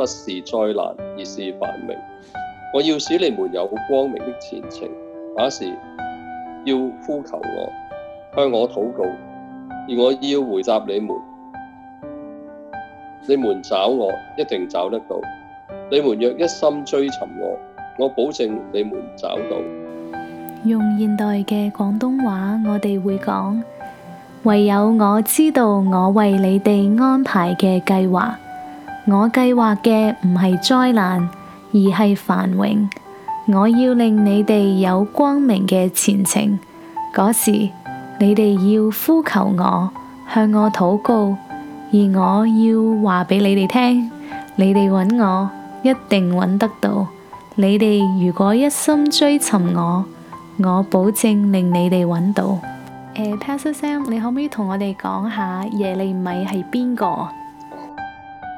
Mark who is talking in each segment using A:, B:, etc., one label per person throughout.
A: 不是災難，而是繁榮。我要使你們有光明的前程。那時要呼求我，向我禱告，而我要回答你們。你們找我，一定找得到。你們若一心追尋我，我保證你們找到。
B: 用現代嘅廣東話，我哋會講，唯有我知道我為你哋安排嘅計劃。我計劃嘅唔係災難，而係繁榮。我要令你哋有光明嘅前程。嗰時你哋要呼求我，向我禱告，而我要話畀你哋聽，你哋揾我一定揾得到。你哋如果一心追尋我，我保證令你哋揾到。誒，uh，Pastor Sam，你可唔可以同我哋講下耶利米係邊個？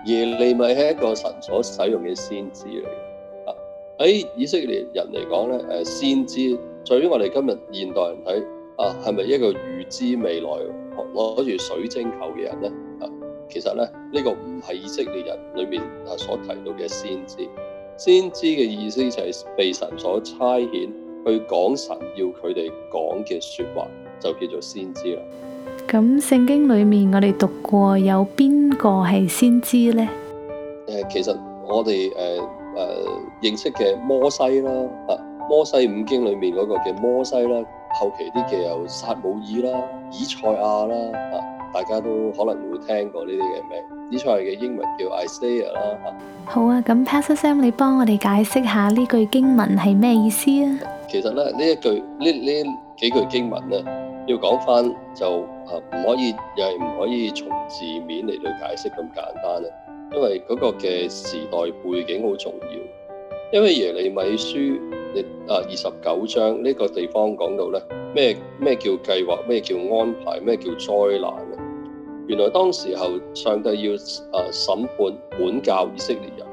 A: 耶利米係一個神所使用嘅先知嚟嘅，啊喺以色列人嚟講咧，誒先知，對於我哋今日現代人睇，啊係咪一個預知未來攞住、啊、水晶球嘅人咧？啊，其實咧呢、這個唔係以色列人裏面啊所提到嘅先知，先知嘅意思就係被神所差遣去講神要佢哋講嘅説話，就叫做先知啦。
B: 咁聖經裏面我哋讀過有邊個係先知咧？
A: 誒，其實我哋誒誒認識嘅摩西啦，啊，摩西五經裏面嗰個嘅摩西啦，後期啲嘅有撒母耳啦、以賽亞啦，啊，大家都可能會聽過呢啲嘅名。以賽亞嘅英文叫 Isaiah 啦。
B: 好啊，咁 Pastor Sam，你幫我哋解釋下呢句經文係咩意思啊？
A: 其實咧，呢一句呢呢幾句經文咧。要講返就啊，唔可以又係唔可以從字面嚟到解釋咁簡單啦，因為嗰個嘅時代背景好重要。因為耶利米書啊二十九章呢個地方講到咧，咩咩叫計劃，咩叫安排，咩叫災難嘅？原來當時候上帝要啊審判管教以色列人，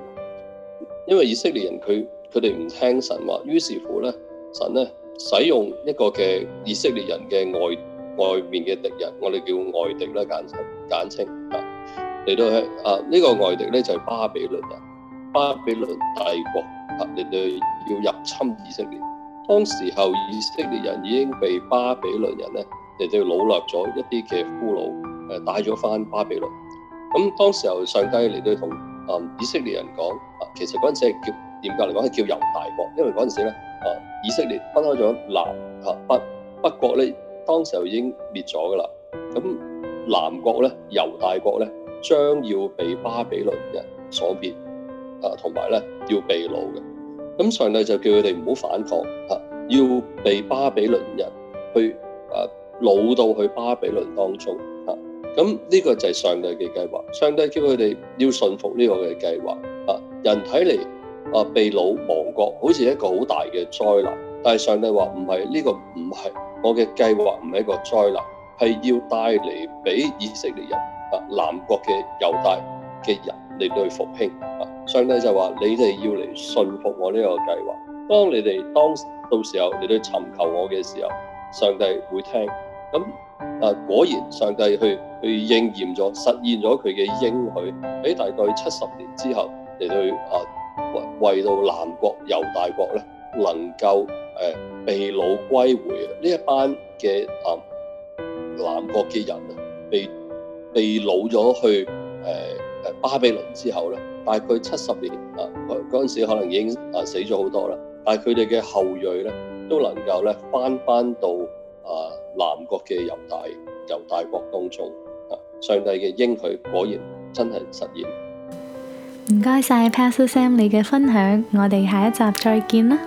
A: 因為以色列人佢佢哋唔聽神話，於是乎咧神咧。使用一個嘅以色列人嘅外外面嘅敵人，我哋叫外敵啦，簡，簡稱簡稱啊嚟到啊呢個外敵咧就係、是、巴比倫人，巴比倫大國啊嚟到要入侵以色列。當時候以色列人已經被巴比倫人咧你哋要擄掠咗一啲嘅俘虜，誒帶咗翻巴比倫。咁、啊、當時候上帝嚟到同啊以色列人講啊，其實嗰陣時係叫嚴格嚟講係叫猶大國，因為嗰陣時咧。啊！以色列分開咗南、哈、啊、北北國咧，當時就已經滅咗噶啦。咁南國咧，猶大國咧，將要被巴比倫人所滅。啊，同埋咧要被擄嘅。咁上帝就叫佢哋唔好反抗，吓、啊、要被巴比倫人去啊擄到去巴比倫當中。吓、啊，咁呢個就係上帝嘅計劃、啊。上帝叫佢哋要信服呢個嘅計劃。啊，人睇嚟。啊！被擄亡國，好似一個好大嘅災難。但係上帝話唔係，呢個唔係我嘅計劃，唔係一個災難，係要帶嚟俾以色列人啊南國嘅猶大嘅人嚟到去復興。啊！上帝就話你哋要嚟信服我呢個計劃。當你哋當時到時候嚟到尋求我嘅時候，上帝會聽。咁啊，果然上帝去去應驗咗，實現咗佢嘅應許。喺大概七十年之後嚟到啊。為到南國猶大國咧，能夠誒、呃、被擄歸回呢一班嘅南、呃、南國嘅人啊，被被擄咗去誒誒、呃呃、巴比倫之後咧，大概七十年啊，嗰嗰陣時可能已經啊死咗好多啦，但係佢哋嘅後裔咧都能夠咧翻翻到啊、呃、南國嘅猶大猶大國當中啊，上帝嘅應許果然真係實現。
B: 唔該晒，Pastor Sam 你嘅分享，我哋下一集再見啦。